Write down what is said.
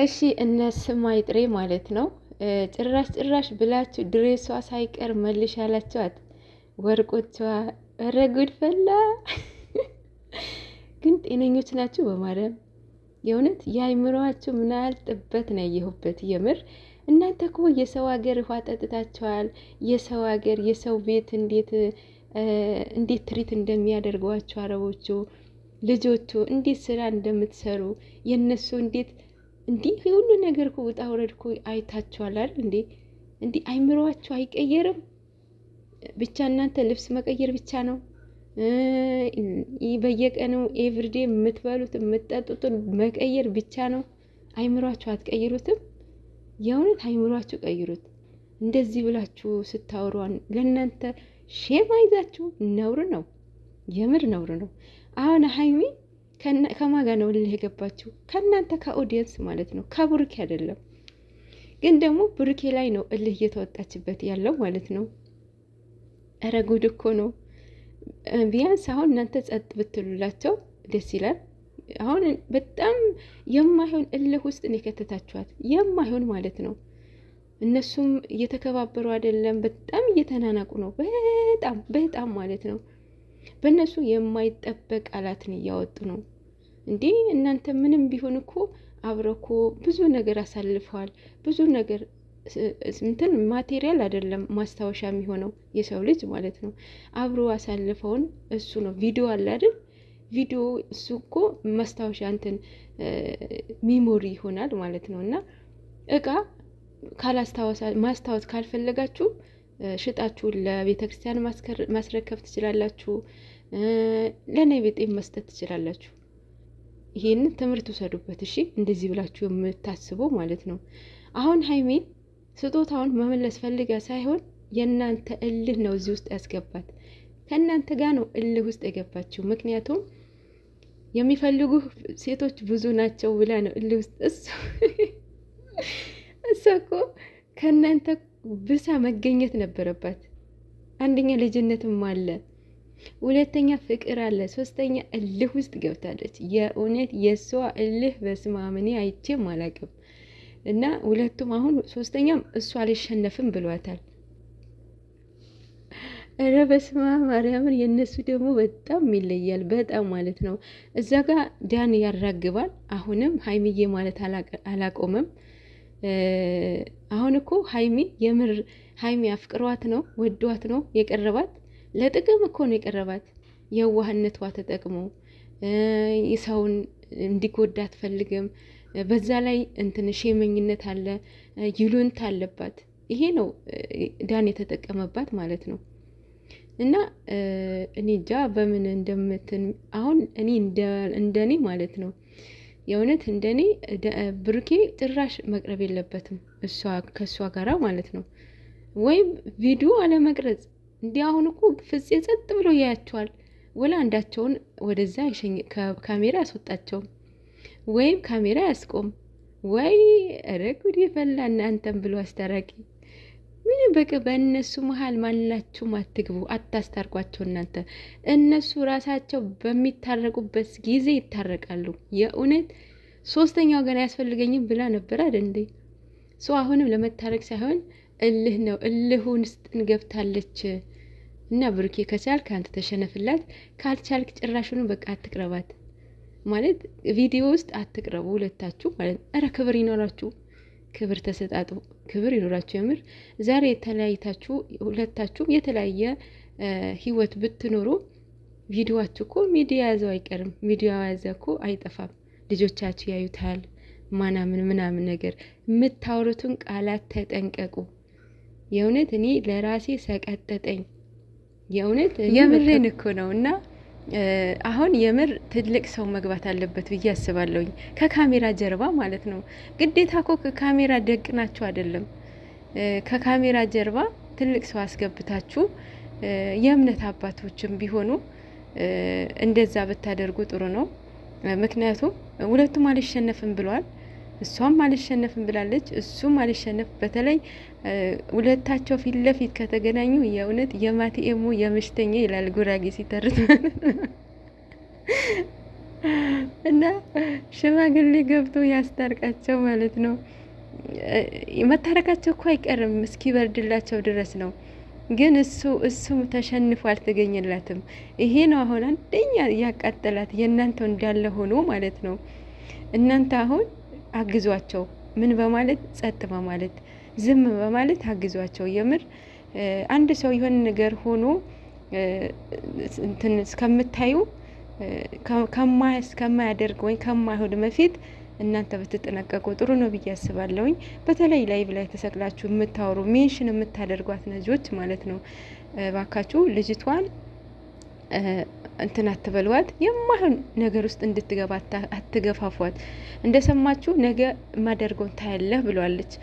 እሺ እነ ስማይጥሬ ማለት ነው። ጭራሽ ጭራሽ ብላችሁ ድሬሷ ሳይቀር መልሽ ያላችኋት ወርቆቿ፣ ኧረ ጉድ ፈላ። ግን ጤነኞች ናችሁ? በማርያም የእውነት የአይምሮአችሁ ምን ያህል ጥበት ነው ያየሁበት። የምር እናንተ እኮ የሰው ሀገር ውሃ ጠጥታችኋል። የሰው ሀገር የሰው ቤት እንዴት እንዴት ትሪት እንደሚያደርጓቸው አረቦቹ ልጆቹ እንዴት ስራ እንደምትሰሩ የእነሱ እንዴት እንዲህ የሁሉ ነገር እኮ ውጣ ውረድ እኮ አይታችኋላል እንዴ! እንዲህ አይምሯችሁ አይቀየርም? ብቻ እናንተ ልብስ መቀየር ብቻ ነው በየቀኑ ኤቭሪዴ የምትበሉት የምትጠጡትን መቀየር ብቻ ነው። አይምሯችሁ አትቀይሩትም? የእውነት አይምሯችሁ ቀይሩት። እንደዚህ ብላችሁ ስታወሯን ለእናንተ ሼም አይዛችሁ ነውር ነው፣ የምር ነውር ነው። አሁን ሀይሜ ከማጋነው ነው ልህ የገባችው ከእናንተ ከኦዲየንስ ማለት ነው፣ ከብሩኬ አይደለም። ግን ደግሞ ብሩኬ ላይ ነው እልህ እየተወጣችበት ያለው ማለት ነው። እረ ጉድ እኮ ነው። ቢያንስ አሁን እናንተ ጸጥ ብትሉላቸው ደስ ይላል። አሁን በጣም የማይሆን እልህ ውስጥ ነው የከተታችኋት፣ የማይሆን ማለት ነው። እነሱም እየተከባበሩ አይደለም፣ በጣም እየተናናቁ ነው። በጣም በጣም ማለት ነው። በእነሱ የማይጠበቅ ቃላትን እያወጡ ነው እንዴ! እናንተ ምንም ቢሆን እኮ አብረኮ ብዙ ነገር አሳልፈዋል። ብዙ ነገር እንትን ማቴሪያል አይደለም ማስታወሻ የሚሆነው የሰው ልጅ ማለት ነው። አብሮ አሳልፈውን እሱ ነው ቪዲዮ አለ አይደል? ቪዲዮ እሱ እኮ ማስታወሻ እንትን ሚሞሪ ይሆናል ማለት ነው። እና እቃ ካላስታወሳ ማስታወስ ካልፈለጋችሁ ሽጣችሁ ለቤተ ክርስቲያን ማስረከብ ትችላላችሁ፣ ለኔቤጤም መስጠት ትችላላችሁ። ይህን ትምህርት ውሰዱበት። እሺ እንደዚህ ብላችሁ የምታስቡ ማለት ነው። አሁን ሀይሜ ስጦታውን መመለስ ፈልጋ ሳይሆን የእናንተ እልህ ነው እዚህ ውስጥ ያስገባት። ከእናንተ ጋር ነው እልህ ውስጥ የገባችው። ምክንያቱም የሚፈልጉ ሴቶች ብዙ ናቸው ብላ ነው እልህ ውስጥ እሱ እሱ እኮ ከእናንተ ብሳ መገኘት ነበረባት። አንደኛ ልጅነትም አለ፣ ሁለተኛ ፍቅር አለ፣ ሶስተኛ እልህ ውስጥ ገብታለች። የእውነት የእሷ እልህ በስማምኔ አብ አይቼም እና ሁለቱም አሁን ሶስተኛም እሱ አልሸነፍም ብሏታል። እረ በስማ ማርያምን። የእነሱ ደግሞ በጣም ይለያል፣ በጣም ማለት ነው። እዛ ጋር ዳን ያራግባል። አሁንም ሀይሚዬ ማለት አላቆመም። አሁን እኮ ሀይሚ የምር ሀይሚ አፍቅሯት ነው ወዷት ነው የቀረባት። ለጥቅም እኮ ነው የቀረባት። የዋህነቷ ተጠቅሞ ሰውን እንዲጎዳ አትፈልግም። በዛ ላይ እንትን ሼመኝነት አለ፣ ይሉንት አለባት። ይሄ ነው ዳን የተጠቀመባት ማለት ነው። እና እኔ እንጃ በምን እንደምትን አሁን እኔ እንደኔ ማለት ነው የእውነት እንደኔ ብሩኬ ጭራሽ መቅረብ የለበትም እሷ ከእሷ ጋራ ማለት ነው። ወይም ቪዲዮ አለመቅረጽ እንዲህ አሁን እኮ ፍፄ ጸጥ ብሎ ያያቸዋል። ወላ አንዳቸውን ወደዛ ካሜራ ያስወጣቸውም ወይም ካሜራ ያስቆም ወይ ረግ ጉድ ፈላ እናንተም ብሎ አስታራቂ በቃ በእነሱ መሀል ማናችሁም አትግቡ፣ አታስታርቋቸው። እናንተ እነሱ ራሳቸው በሚታረቁበት ጊዜ ይታረቃሉ። የእውነት ሶስተኛው ገና አያስፈልገኝም ብላ ነበር አደንዴ ሰው አሁንም ለመታረቅ ሳይሆን እልህ ነው፣ እልሁን ውስጥን ገብታለች። እና ብሩኬ ከቻልክ አንተ ተሸነፍላት፣ ካልቻልክ ጭራሹን በቃ አትቅረባት ማለት ቪዲዮ ውስጥ አትቅረቡ ሁለታችሁ ማለት። ኧረ ክብር ይኖራችሁ። ክብር ተሰጣጡ፣ ክብር ይኖራችሁ። የምር ዛሬ የተለያይታችሁ ሁለታችሁም የተለያየ ህይወት ብትኖሩ ቪዲዮዋችሁ እኮ ሚዲያ ያዘው አይቀርም። ሚዲያ ያዘ እኮ አይጠፋም። ልጆቻችሁ ያዩታል ማናምን ምናምን ነገር የምታወሩትን ቃላት ተጠንቀቁ። የእውነት እኔ ለራሴ ሰቀጠጠኝ። የእውነት የምሬን እኮ ነው እና አሁን የምር ትልቅ ሰው መግባት አለበት ብዬ አስባለሁኝ። ከካሜራ ጀርባ ማለት ነው። ግዴታ ኮ ከካሜራ ደቅ ናቸው አይደለም። ከካሜራ ጀርባ ትልቅ ሰው አስገብታችሁ የእምነት አባቶችም ቢሆኑ እንደዛ ብታደርጉ ጥሩ ነው። ምክንያቱም ሁለቱም አልሸነፍም ብሏል። እሷም አልሸነፍም ብላለች፣ እሱም አልሸነፍ። በተለይ ሁለታቸው ፊት ለፊት ከተገናኙ የእውነት የማቲኤሙ የምሽተኛ ይላል ጉራጌ ሲተርት እና ሽማግሌ ገብቶ ያስታርቃቸው ማለት ነው። መታረቃቸው እኮ አይቀርም እስኪ በርድላቸው ድረስ ነው። ግን እሱ እሱም ተሸንፎ አልተገኘላትም። ይሄ ነው አሁን አንደኛ ያቃጠላት የእናንተው እንዳለ ሆኖ ማለት ነው እናንተ አሁን አግዟቸው። ምን በማለት ጸጥ በማለት ዝም በማለት አግዟቸው። የምር አንድ ሰው የሆነ ነገር ሆኖ እንትን እስከምታዩ ከማያደርግ ወይም ከማይሆን በፊት እናንተ ብትጠነቀቁ ጥሩ ነው ብዬ አስባለሁኝ። በተለይ ላይቭ ላይ ተሰቅላችሁ የምታወሩ ሜንሽን የምታደርጓት ልጆች ማለት ነው። ባካችሁ ልጅቷን እንትን አትበልዋት የማይሆን ነገር ውስጥ እንድትገባ አትገፋፏት። እንደሰማችሁ ነገ የማደርገውን ታያለህ ብሏለች።